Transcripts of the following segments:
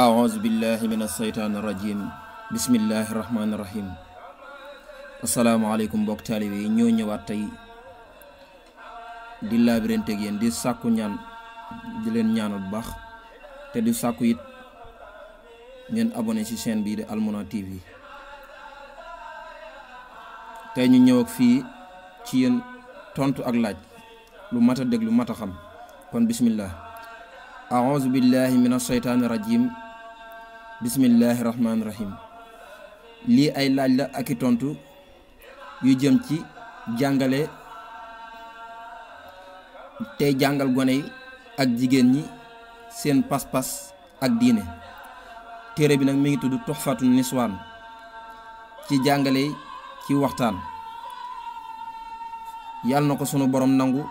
أعوذ بالله من الشيطان الرجيم بسم الله الرحمن الرحيم asalaamaaleykum mbokk taalibe yi ñoo ñëwaat tey di laabirante ak yéen di sàkku ñaan di leen ñaanal bu baax te di sàkku it ngeen abonné ci chaîne bii di Almouna TV tey ñu ñëw ak fii ci yéen tontu ak laaj lu mat a dégg lu mat a xam kon bismillah a'uuzu billahi mina shaytaani rajiim Bismillahirrahmanirrahim. li ay laaj la ak tontu yu jëm ci jàngale té jangal goné ak jigen ñi seen pas-pas ak diiné téré bi nak mi ngi tuddu Tuhfatu niswan ci jàngale ci waxtaan nako sunu borom nangu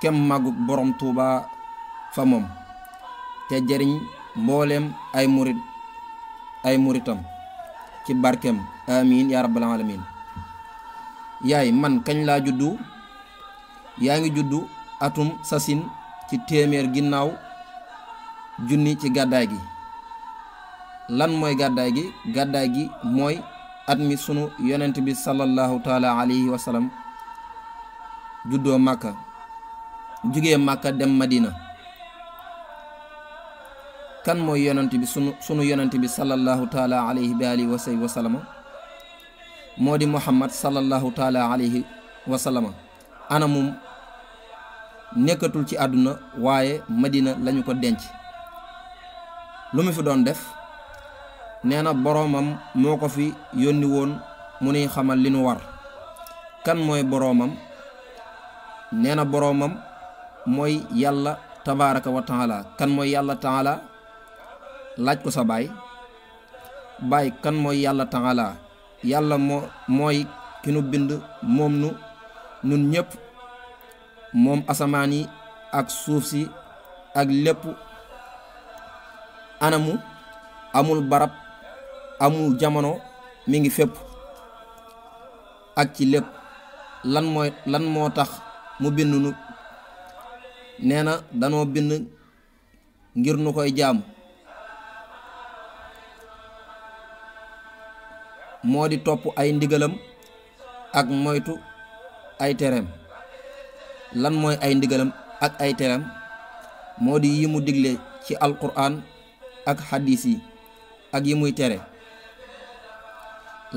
kem maguk borom touba fa mom te jariñ mboolem ay murit ay muritam ci barkem amin yaa rabbal alamin yaay man kañ laa juddu yaa ngi juddu atum sasin ci téeméer ginnaaw junni ci gàddaay gi lan mooy gàddaay gi gàddaay gi mooy at mi sunu yonent bi sallallahu taala alayhi wa juddoo màkka jugee màkka dem madina kan mooy yonent bi sunu sunu yonent bi sallallahu taala alayhi bi alihi wa sahbi wa sallama moo di muhammad sallallahu taala alayhi wa sallama ana moom nekkatul ci àdduna waaye madina lañu ko denc lu mu fi doon def nee na boroomam moo ko fi yónni woon mu nuy xamal li nu war kan mooy boroomam nee na boroomam mooy yàlla tabaaraka wa taala kan mooy yàlla taala laaj ko sa baay baay kan mooy yàlla taxalaa yàlla moo mooy ki nu bind moom nu nun ñëpp moom asamaan yi ak suuf si ak lépp anamu amul barab amul jamono mi ngi fépp ak ci lépp lan mooy lan moo tax mu bind nu nee na danoo bind ngir nu koy jaamu moo di topp ay ndigalam ak moytu ay tereem lan mooy ay ndigalam ak ay tereem moo di yi mu digle ci alquran ak xadiis yi ak yi muy tere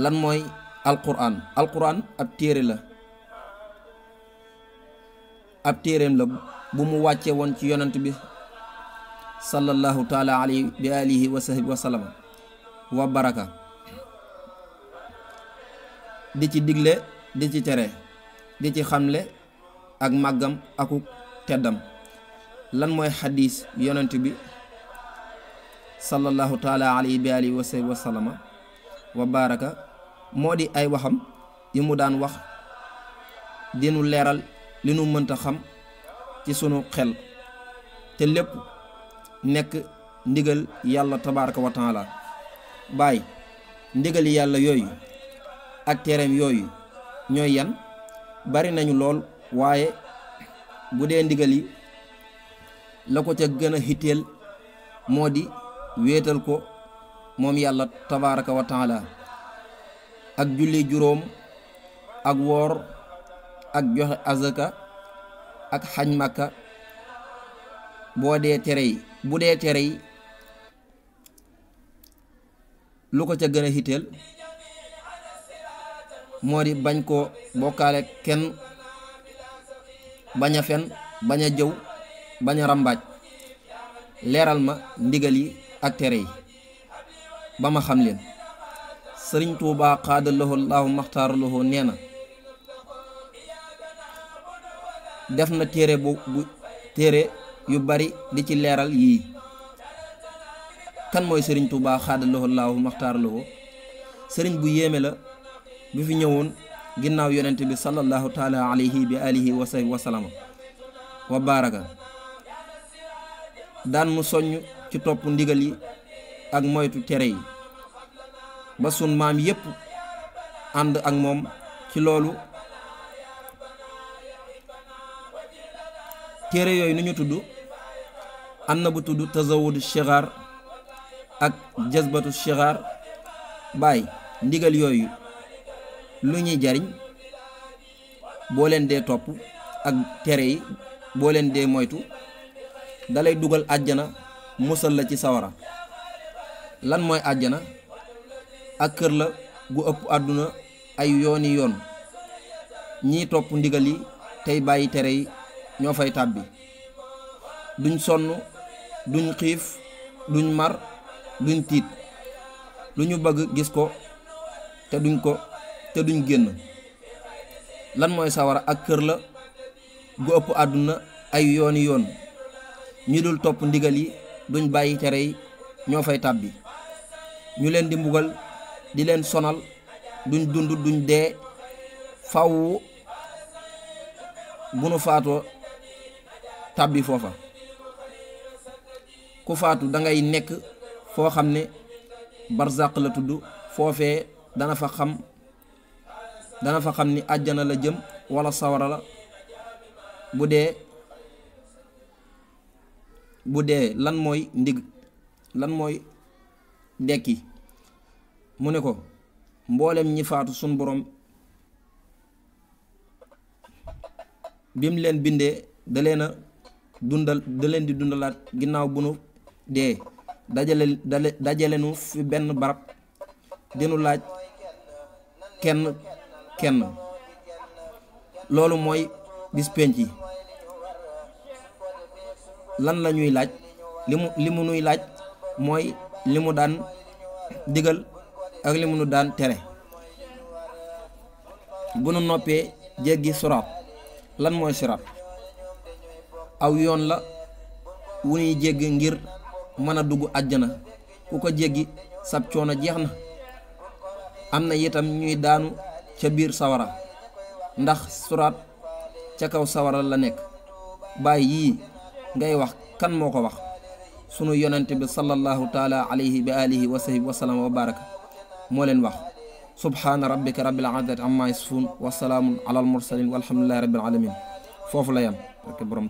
lan mooy alquran alquran ab téere la ab téereem la bu mu wàccee woon ci yonent bi sallallahu taala alayhi wa alihi wa wa baraka di ci digle di ci tere di ci xamle ak màggam akuk teddam lan mooy xadiis yonent bi sallallahu taala alayhi bi alihi wa sahbi wa baaraka moo di ay waxam yi mu daan wax dinu leeral li nu mënta xam ci sunu xel te lépp nekk ndigal yàlla tabaraka wa taala baay ndigal yàlla yooyu ak tereem yooyu ñooy yan bari nañu lool waaye bu dee ndigal la ko ca gën a hitteel moo di wéetal ko moom yàlla tabaaraka wa ak julli juróom ak woor ak joxe azaka ak xaj makka boo dee tere yi bu dee tere yi lu ko ca gën a moo di bañ koo bokkaale kenn bañ a fen bañ a jëw bañ a ràmbaaj leeral ma ndigal yi ak tere yi ba ma xam leen sëriñ tuubaa xaadalahoo laahu maxtaaralahoo nee na def na téere bu bu téere yu bari di ci leeral yii kan mooy sëriñ tuubaa xaadalahoo laahu maxtaaralahoo sëriñ bu yéeme la bi fi ñëwoon ginnaaw yonente bi sallallahu taala alayhi bi alihi wa sahbi wa wa baraka daan mu soññ ci topp ndigal yi ak moytu tere yi ba sun maam yépp ànd ak moom ci loolu téere yooyu nu ñu tudd am na bu tudd tazawudu shigar ak jazbatu shigar baay ndigal yooyu lu ñuy jariñ boo leen dee topp ak tere yi boo leen dee moytu dalay dugal àjjana musal la ci sawara lan mooy àjjana ak kër la gu ëpp àdduna ay yooni yoon ñii topp ndigal yi tey bàyyi tere yi ñoo fay tàbbi duñ sonn duñ xiif duñ mar duñ tiit lu ñu bëgg gis ko te duñ ko te duñ génn lan mooy sawara ak kër la gu ëpp àdduna ay yooni yoon ñi dul topp ndigal yi duñ bàyyi tere yi ñoo fay tàbbi ñu leen di mbugal di leen sonal duñ dund duñ dee faw bu nu faatoo tàbbi foofa ku faatu da ngay nekk foo xam ne barzaq la tudd foofee dana fa xam dana fa xam ni àjjana la jëm wala sawara la bu dee bu dee lan mooy ndig lan mooy dekki mu ne ko mboolem ñi faatu sun borom bim leen bindee dalee leen a dundal da leen di dundalaat ginnaaw bu nu dee dajale dajale nu fi benn barab dinu laaj kenn kenn loolu mooy bis penc yi lan la ñuy laaj li mu li mu nuy laaj mooy li mu daan digal ak li mu nu daan tere bu nu noppee jéggi siraat lan mooy siraat aw yoon la wu nuy jéggi ngir mën a dugg àjjana ku ko jéggi sab coono jeex na am na itam ñuy daanu ca biir sawara ndax suraat ca kaw sawara la nekk baay yii ngay wax kan moo ko wax sunu yonente bi sallallahu taala alayhi bi alihi wa sahbi wa sallam wa baraka moo leen wax subhaana rabbika rabbil izzati amma yasifun wa salaamun ala al mursalin walhamdulillahi rabbil alamin foofu la yam